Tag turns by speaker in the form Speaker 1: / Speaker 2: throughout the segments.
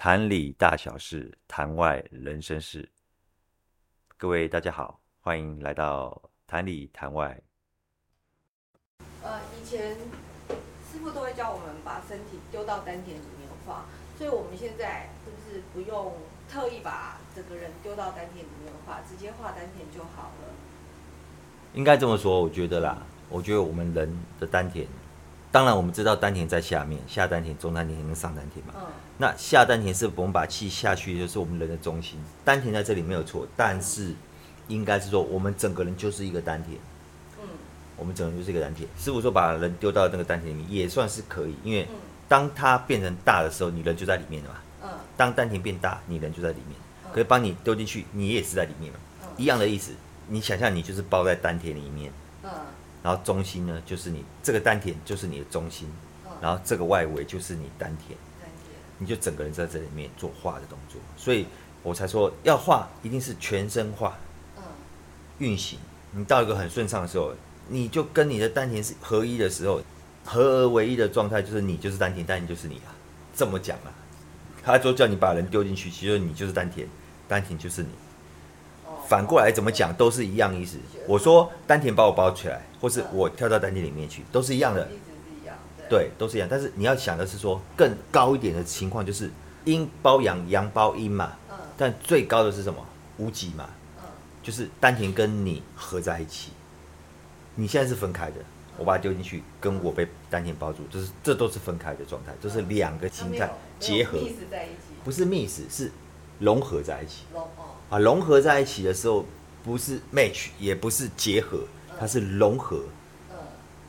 Speaker 1: 壇裡大小事，壇外人生事。各位大家好，歡迎來到壇裡談外。
Speaker 2: 呃，以前師父都會教我們把身體丟到丹田裡面化，所以我們現在是不是不用特意把整個人丟到丹田裡面化，直接化丹田就好了？
Speaker 1: 應該這麼說，我覺得啦，我覺得我們人的丹田。當然，我們知道丹田在下面，下丹田、中丹田跟上丹田嘛，嗯。那下丹田是不是我們把氣下去，就是我們人的中心，丹田在這裡沒有錯。但是，應該是說我們整個人就是一個丹田。嗯。我們整個人就是一個丹田。師傅說把人丟到那個丹田裡面也算是可以，因為當它變成大的時候，你人就在裡面的嘛。嗯。當丹田變大，你人就在裡面，嗯，可以幫你丟進去，你也是在裡面嘛，嗯，一樣的意思。你想象你就是包在丹田裡面。嗯。然後中心呢，就是你這個丹田，就是你的中心、嗯。然後這個外圍就是你丹田、嗯。你就整個人在這裡面做化的動作，所以我才說要化一定是全身化。
Speaker 3: 嗯。
Speaker 1: 運行，你到一個很順暢的時候，你就跟你的丹田是合一的時候，合而為一的狀態，就是你就是丹田，丹田就是你啊。這麼講啊，他就叫你把人丟進去，其實你就是丹田，丹田就是你。反過來怎麼講都是一樣意思。我說丹田把我包起來，或是我跳到丹田裡面去，都是一樣的。對，都是一樣。但是你要想的是說更高一點的情況，就是陰包陽，陽包陰嘛。但最高的是什麼？無極嘛。就是丹田跟你合在一起。你現在是分開的，我把它丟進去，跟我被丹田包住，就是這都是分開的狀態，就是兩個形態結合，不是密實在一起，不是密實，是融合在一起。啊，融合在一起的時候，不是 match，也不是結合，它是融合。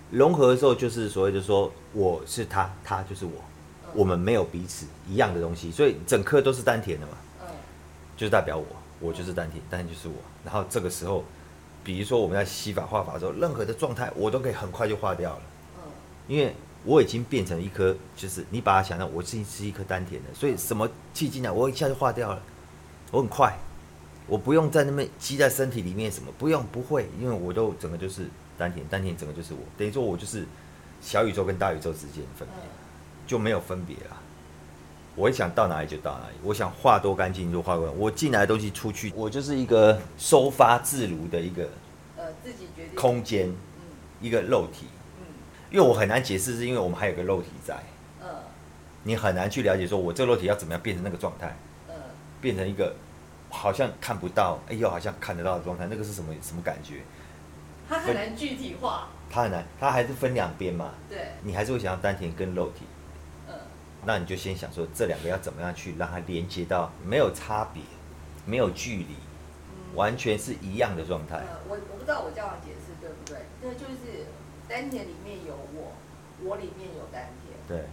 Speaker 1: 融合的時候就是所謂的說，我是他，他就是我，我們沒有彼此一樣的東西，所以整顆都是丹田的嘛。嗯，就代表我，我就是丹田，丹田就是我。然後這個時候，比如說我們在吸法化法的時候，任何的狀態我都可以很快就化掉
Speaker 3: 了。
Speaker 1: 嗯，因為我已經變成一顆，就是你把它想到，我是一顆丹田的，所以什麼氣進來，我一下就化掉了，我很快。我不用在那麼積在身體裡面，什麼不用不會，因為我都整個就是丹田，丹田整個就是我，等於說我就是小宇宙跟大宇宙之間，分別，就沒有分別了。我一想到哪裡就到哪裡，我想化多乾淨就化多乾淨。我進來的東西出去，我就是一個收發自如的一個
Speaker 3: 呃自己空
Speaker 1: 間，一個肉體，因為我很難解釋，是因為我們還有個肉體在，你很難去了解，說我這個肉體要怎麼樣變成那個狀態，變成一個。好像看不到，哎呦，好像看得到的狀態，那個是什麼什麼感覺？
Speaker 2: 它很難具體化。
Speaker 1: 它很難，它還是分兩邊嘛。對。你還是會想要丹田跟肉體。嗯、呃。那你就先想說這兩個要怎麼樣去讓它連接到沒有差別、沒有距離、嗯，完全是一樣的狀態、呃。我
Speaker 2: 我不知道我這樣解釋對不對？那就是丹田裡面有我，我裡面有丹
Speaker 1: 田。對。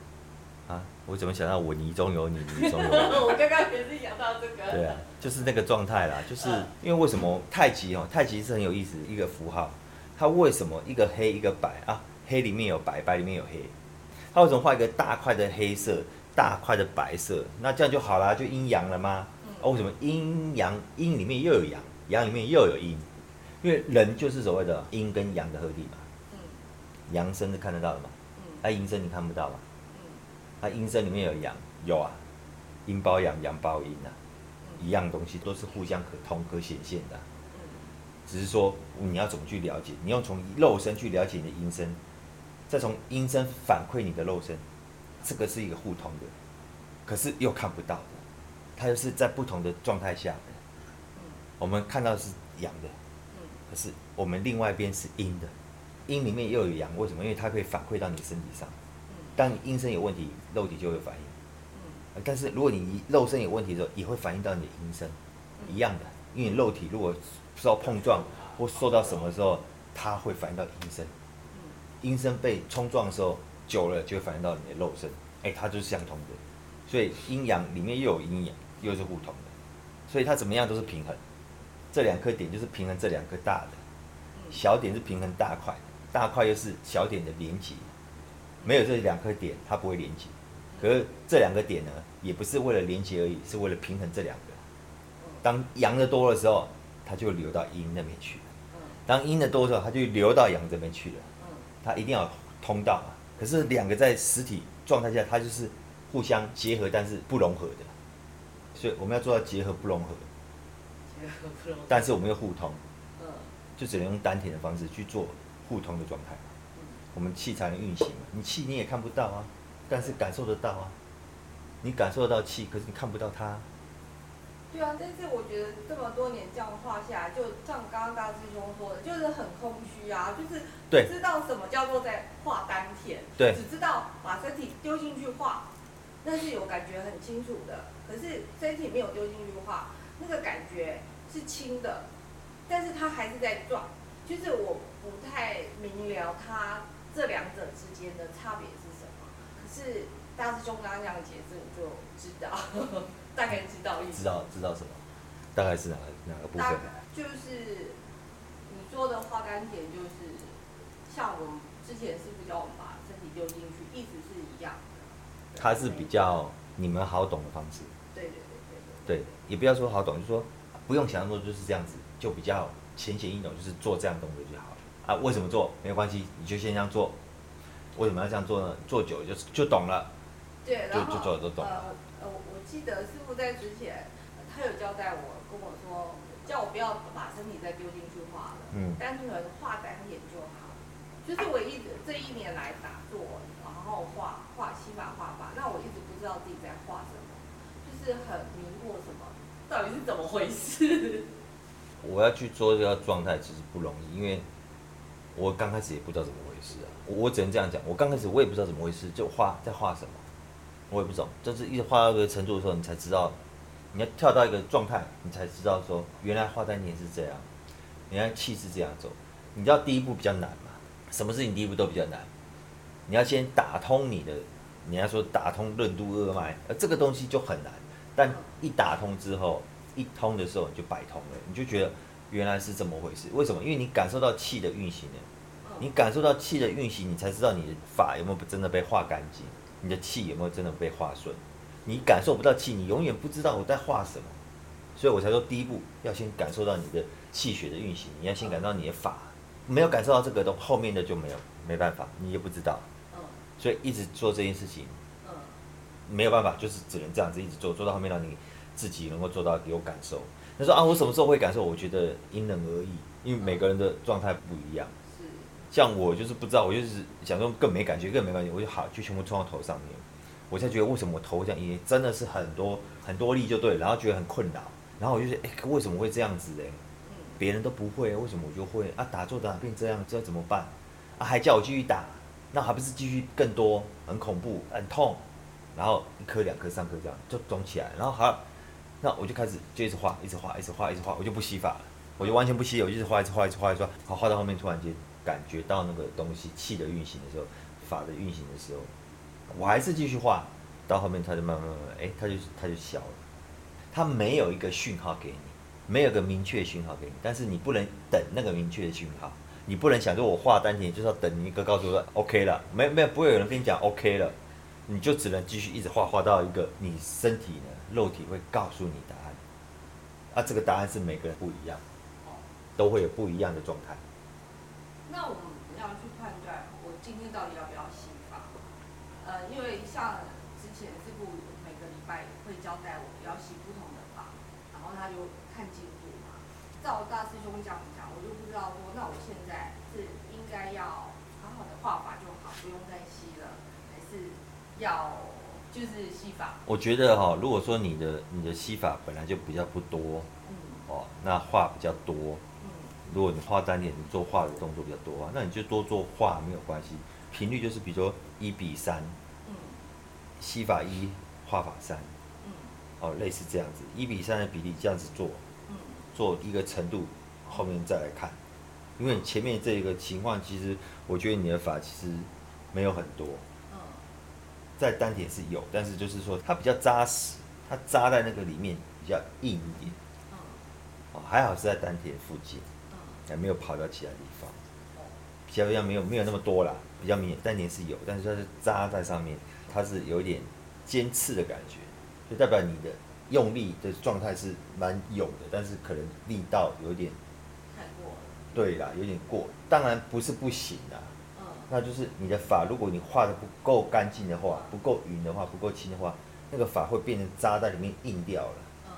Speaker 1: 我怎麼想到我泥中有你，泥中有 我？剛
Speaker 2: 剛也是講到這個。 對啊，
Speaker 1: 就是那個狀態啦，就是因為為什麼太極哦？太極是很有意思一個符號，它為什麼一個黑一個白啊？黑裡面有白，白裡面有黑，它為什麼畫一個大塊的黑色，大塊的白色？那這樣就好啦，就陰陽了嗎？哦，為什麼陰陽陰裡面又有陽，陽裡面又有陰？因為人就是所謂的陰跟陽的合體嘛。嗯。陽身是看得到的嘛？嗯。那陰身你看不到嗎他陰身裡面有陽，有啊，陰包陽，陽包陰吶，一樣東西都是互相可通可顯現的，啊，只是說你要怎麼去了解，你用從肉身去了解你的陰身，再從陰身反饋你的肉身，這個是一個互通的，可是又看不到的，它就是在不同的狀態下，我們看到的是陽的，可是我們另外一邊是陰的，陰裡面又有陽，為什麼？因為它可以反饋到你的身體上。當你陰身有問題，肉體就會反應。但是如果你肉身有問題的時候，也會反映到你的陰身一樣的。因為你肉體如果受到碰撞或受到什麼的時候，它會反映到陰身。陰身被沖撞的時候，久了就會反映到你的肉身。哎、欸，它就是相同的。所以陰陽裡面又有陰陽，又是不同的。所以它怎麼樣都是平衡。這兩顆點就是平衡這兩顆大的，小點是平衡大塊，大塊又是小點的連接。沒有這兩顆點，它不會連接。可是這兩個點呢，也不是為了連接而已，是為了平衡這兩個。當陽的多的時候，它就流到陰那邊去了；當陰的多的時候，它就流到陽這邊去了。它一定要通道啊，可是兩個在實體狀態下，它就是互相結合，但是不融合的。所以我們要做到結合不融合，結合不融合，但是我們又互通，就只能用丹田的方式去做互通的狀態。我們氣才能運行嘛，你氣你也看不到啊，但是感受得到啊，你感受得到氣，可是你看不到它。
Speaker 2: 對啊，但是我覺得這麼多年這樣畫下來，就像剛剛大師兄說的，就是很空虛啊，就是不知道什麼叫做在畫丹田，對，只知道把身體丟進去畫，那是有感覺很清楚的，可是身體沒有丟進去畫，那個感覺是輕的，但是他還是在撞。就是我不太明了他。這兩者之間的差別是什麼？可是大師兄剛講節奏，你就知道呵呵，大概知道
Speaker 1: 意思。知道知道，什麼？大概是哪個哪個部分？就是你做的化丹田，就
Speaker 2: 是、就是、像我們之前師傅叫我們把身體丟進去，一直是一
Speaker 1: 樣的。他是比較你們好懂的方式。對對
Speaker 2: 對對對，對，對，
Speaker 1: 對，對，對。對，也不要說好懂，就是、說不用想象，說就是這樣子，就比較淺顯易懂，就是做這樣動作就好啊，為什麼做？沒有關係，你就先這樣做。為什麼要這樣做呢？做久了就就懂
Speaker 2: 了。對，然後就就做都懂了。呃，我我記得師傅在之前，他有交代我，跟我說，叫我不要把身體再丟進去畫了。嗯。但是畫展和演出好，就是我一直這一年來打坐，然後畫畫西法畫法，那我一直不知道自己在畫什麼，就是很迷惑什麼，到底是怎麼回事？ 我
Speaker 1: 要去做這個狀態，其實不容易，因為。我剛開始也不知道怎麼回事啊，我我只能這樣講，我剛開始我也不知道怎麼回事，就畫在畫什麼，我也不懂，就是一直畫到一個程度的時候，你才知道，你要跳到一個狀態，你才知道說原來畫丹田是這樣，原來氣是這樣走，你知道第一步比較難嘛，什麼事情第一步都比較難，你要先打通你的，你要說打通任督二脈，而這個東西就很難，但一打通之後，一通的時候你就百通了，你就覺得。原來是這麼回事，為什麼？因為你感受到氣的運行呢？你感受到氣的運行，你才知道你的法有沒有真的被化乾淨，你的氣有沒有真的被化順。你感受不到氣，你永遠不知道我在化什麼，所以我才說第一步要先感受到你的氣血的運行，你要先感到你的法沒有感受到這個的，後面的就沒有沒辦法，你也不知道，所以一直做這件事情，沒有辦法，就是只能這樣子一直做，做到後面讓你自己能夠做到有感受。他、就是、說啊，我什麼時候會感受？我覺得因人而異，因為每個人的狀態不一樣。是。像我就是不知道，我就是想說更沒感覺，更沒感覺。我就好，就全部衝到頭上面，我才覺得為什麼我頭這樣，也真的是很多很多力就對，然後覺得很困擾，然後我就想，哎、欸，為什麼會這樣子、欸？誒，別人都不會，為什麼我就會？啊，打坐打變這樣，這樣怎麼辦？啊，還叫我繼續打，那還不是繼續更多？很恐怖，很痛，然後一顆兩顆三顆這樣就腫起來，然後還。那我就開始，就一直畫，一直畫，一直畫，一直畫，我就不吸法了，我就完全不吸，我就一直畫，一直畫，一直畫，一直畫，畫到後面突然間感覺到那個東西氣的運行的時候，法的運行的時候，我還是繼續畫，到後面它就慢慢慢慢，哎、欸，它就它就消了，它沒有一個訊號給你，沒有一個明確訊號給你，但是你不能等那個明確的訊號，你不能想說我畫丹田就是要等你一個告訴我 OK 了，沒有沒有不會有人跟你講 OK 了。你就只能繼續一直化，化到一個你身體呢，肉體會告訴你答案，啊，這個答案是每個人不一樣，都會有不一樣的狀態。那
Speaker 2: 我們要去判斷我今天到底要不要洗法？呃，因為像之前師傅每個禮拜會交代我要洗不同的法，然後他就看進度嘛。照我大師兄講的講，我就不知道說，那我現在是應該要好好的化法就好，不用再洗了，還是？要就是吸法，
Speaker 1: 我覺得哈、哦，如果說你的你的吸法本來就比較不多，嗯、哦，那化比較多、嗯，如果你化單點，你做化的動作比較多啊，那你就多做化沒有關係，頻率就是比如說一比三、嗯，吸法一，化法三、嗯，哦，類似這樣子一比三的比例，這樣子做、嗯，做一個程度，後面再來看，因為你前面這個情況，其實我覺得你的法其實沒有很多。在丹田是有，但是就是說它比較紮實，它扎在那個裡面比較硬一點。哦，還好是在丹田附近，哦，沒有跑到其他地方。比較他沒有沒有那麼多啦，比較明顯。丹田是有，但是它是扎在上面，它是有一點尖刺的感覺，就代表你的用力的狀態是蠻有的，但是可能力道有點太過
Speaker 3: 了。
Speaker 1: 對啦，有點過，當然不是不行的。那就是你的法，如果你化的不夠乾淨的話，不夠勻的話，不夠輕的，的話，那個法會變成扎在裡面硬掉了。嗯。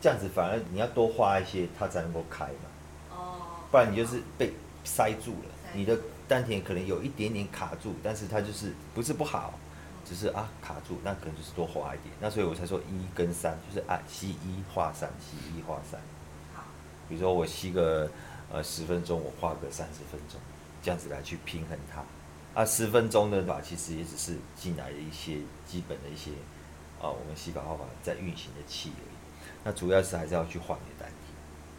Speaker 1: 這樣子反而你要多化一些，它才能夠開嘛。哦。不然你就是被塞住了，你的丹田可能有一點點卡住，但是它就是不是不好，只是啊卡住，那可能就是多化一點。那所以我才說一跟三，就是啊吸一化三，吸一化三。
Speaker 3: 好。
Speaker 1: 比如說我吸個呃十分鐘，我化個三十分鐘。這樣子來去平衡它，啊，十分鐘的吧，其實也只是進來的一些基本的一些，啊、哦，我們吸法方法在運行的氣而已。那主要是還是要去換個丹田，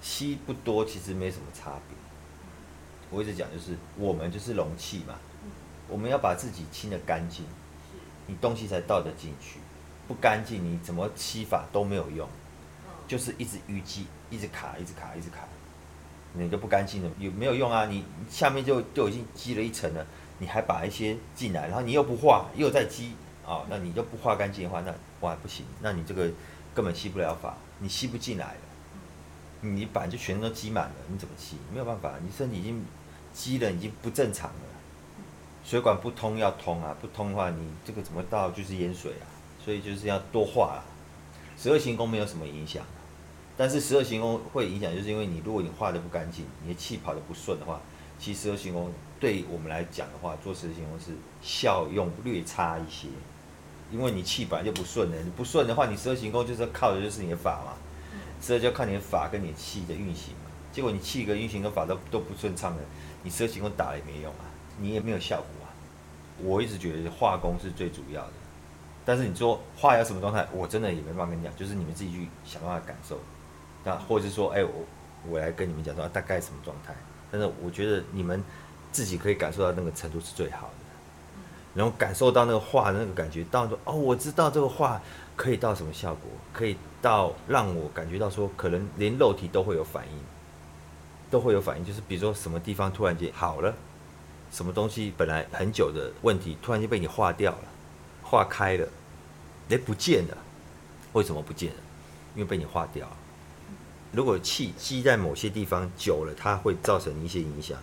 Speaker 1: 吸不多，其實沒什麼差別，嗯。我一直講就是，我們就是容器嘛，嗯、我們要把自己清得乾淨，你東西才倒得進去。不乾淨，你怎麼吸法都沒有用，嗯、就是一直淤積，一直卡，一直卡，一直卡。你就不乾淨了，有沒有用啊？你下面就就已經積了一層了，你還把一些進來，然後你又不化，又在積啊，那你就不化乾淨的話，那哇不行，那你這個根本吸不了法，你吸不進來了，你反正就全都積滿了，你怎麼吸？沒有辦法，你身體已經積了，已經不正常了，水管不通要通啊，不通的話，你這個怎麼倒就是淹水啊，所以就是要多化啊。十二行宮沒有什麼影響、啊。但是十二行功會影響，就是因為你如果你化的不乾淨，你的氣跑的不順的話，其實十二行功對於我們來講的話，做十二行功是效用略差一些，因為你氣本來就不順的，你不順的話，你十二行功就是靠的就是你的法嘛，所、嗯、以就靠你的法跟你的氣的運行嘛。結果你氣跟運行跟法都都不順暢的，你十二行功打了也沒用啊，你也沒有效果啊。我一直覺得化功是最主要的，但是你說化要什麼狀態，我真的也沒辦法跟你講，就是你們自己去想辦法感受。那或者是說，哎，我我來跟你們講說大概什麼狀態，但是我覺得你們自己可以感受到那個程度是最好的，然後感受到那個化的那個感覺到說，哦，我知道這個化可以到什麼效果，可以到讓我感覺到說，可能連肉體都會有反應，都會有反應，就是比如說什麼地方突然間好了，什麼東西本來很久的問題突然間被你化掉了，化開了，哎，不見了，為什麼不見了？因為被你化掉了。如果氣積在某些地方久了，它會造成一些影響，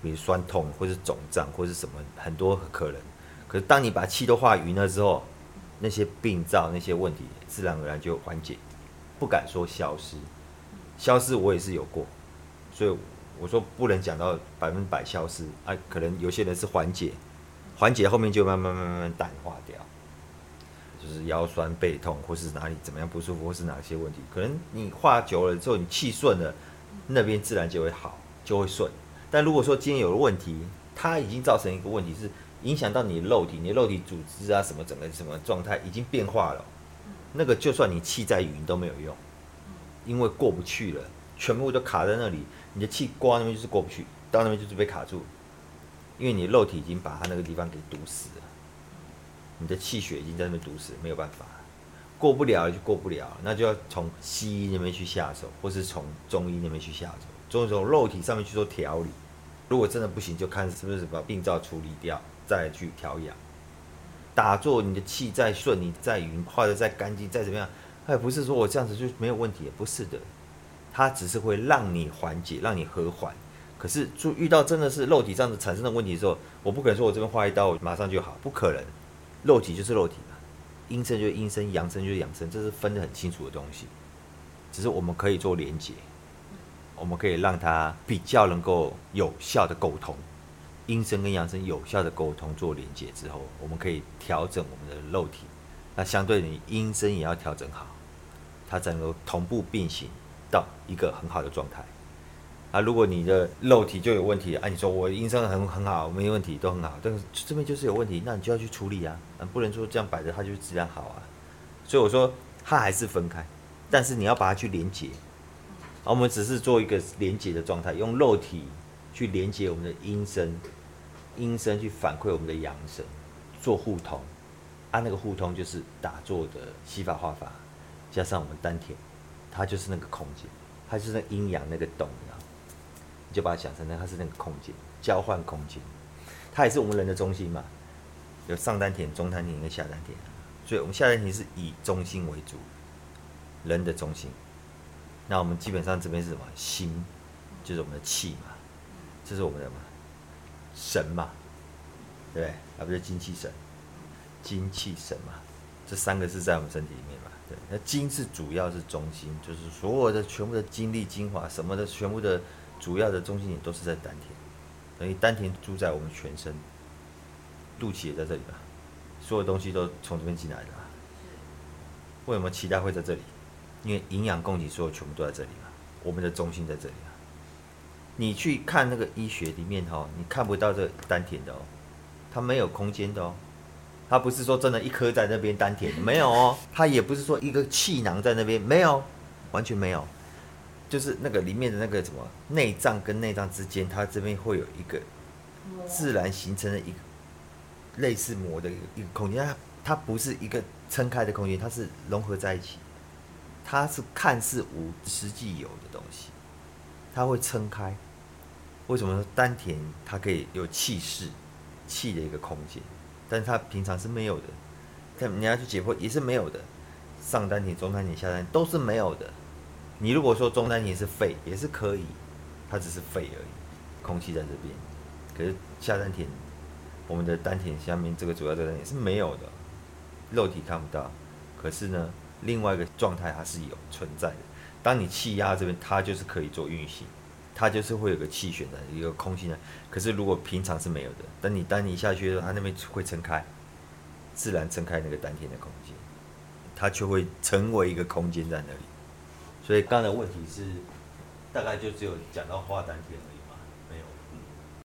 Speaker 1: 比如酸痛，或是腫脹，或是什麼很多可能。可是當你把氣都化勻了之後，那些病灶、那些問題，自然而然就緩解。不敢說消失，消失我也是有過，所以我說不能講到百分百消失啊。可能有些人是緩解，緩解後面就慢慢慢慢淡化掉。就是腰酸背痛，或是哪裡怎麼樣不舒服，或是哪些問題，可能你化久了之後，你氣順了，那邊自然就會好，就會順。但如果說今天有了問題，它已經造成一個問題，是影響到你的肉體，你的肉體組織啊什麼，整個什麼狀態已經變化了，那個就算你氣再勻，勻都沒有用，因為過不去了，全部都卡在那裡，你的氣過，那邊就是過不去，到那邊就是被卡住，因為你肉體已經把它那個地方給堵死了。你的氣血已經在那邊堵死，沒有辦法，過不了了就過不了了，那就要從西醫那邊去下手，或是從中醫那邊去下手，中醫從肉體上面去做調理。如果真的不行，就看是不是把病灶處理掉，再去調養、打坐。你的氣再順，你再勻，化得再乾淨，再怎麼樣，哎，不是說我這樣子就沒有問題，不是的，它只是會讓你緩解，讓你和緩。可是，就遇到真的是肉體這樣子產生的問題的時候，我不可能說我這邊畫一刀，我馬上就好，不可能。肉體就是肉體嘛，陰身就是陰身，陽身就是陽身，這是分得很清楚的東西。只是我們可以做連接，我們可以讓它比較能夠有效的溝通，陰身跟陽身有效的溝通做連接之後，我們可以調整我們的肉體，那相對你陰身也要調整好，它整個同步並行到一個很好的狀態。啊，如果你的肉體就有問題，啊，你說我陰聲很很好，沒問題都很好，但是這邊就是有問題，那你就要去處理啊，啊不能說這樣擺着它就自然好啊。所以我說它還是分開，但是你要把它去連接，啊我們只是做一個連接的狀態，用肉體去連接我們的陰聲，陰聲去反饋我們的陽神，做互通，按、啊、那個互通就是打坐的西法、畫法，加上我們丹田，它就是那個空間，它就是那個陰陽那個洞。就把它想成呢，它是那個空間，交換空間，它也是我們人的中心嘛。有上丹田、中丹田跟下丹田，所以我們下丹田是以中心為主，人的中心。那我們基本上這邊是什麼？心，就是我們的氣嘛，這是我們的嘛，神嘛，對不對？那、啊、不是精氣神，精氣神嘛，這三個是在我們身體裡面嘛。對，那精是主要是中心，就是所有的全部的精力精華什麼的全部的。主要的中心點都是在丹田，等於丹田住在我們全身，肚臍也在這裡吧，所有東西都從這邊進來的，啊。為什麼臍帶會在這裡？因為營養供給所有全部都在這裡嘛，我們的中心在這裡啊。你去看那個醫學裡面哦，你看不到這丹田的哦，它沒有空間的哦，它不是說真的，一顆在那邊丹田沒有哦，它也不是說一個氣囊在那邊沒有，完全沒有。就是那個裡面的那個什麼內臟跟內臟之間，它這邊會有一個自然形成的一個類似膜的一個空間，它它不是一個撐開的空間，它是融合在一起，它是看似無，實際有的東西，它會撐開。為什麼說丹田它可以有氣勢、氣的一個空間，但是它平常是沒有的，你你要去解剖也是沒有的，上丹田、中丹田、下丹田都是沒有的。你如果說中丹田也是肺也是可以，它只是肺而已，空氣在這邊。可是下丹田，我們的丹田下面這個主要這個丹田是沒有的，肉體看不到。可是呢，另外一個狀態它是有存在的。當你氣壓這邊，它就是可以做運行，它就是會有個氣旋的一個空氣呢，可是如果平常是沒有的，等你當你下去的時候，它那邊會撐開，自然撐開那個丹田的空間，它就會成為一個空間在那裡。所以剛才問題是，大概就只有講到化丹田而已。